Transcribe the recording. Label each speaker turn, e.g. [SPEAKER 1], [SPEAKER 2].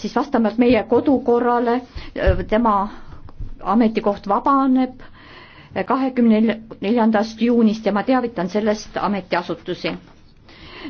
[SPEAKER 1] siis vastavalt meie kodukorrale tema ametikoht vabaneb kahekümne neljandast juunist ja ma teavitan sellest ametiasutusi.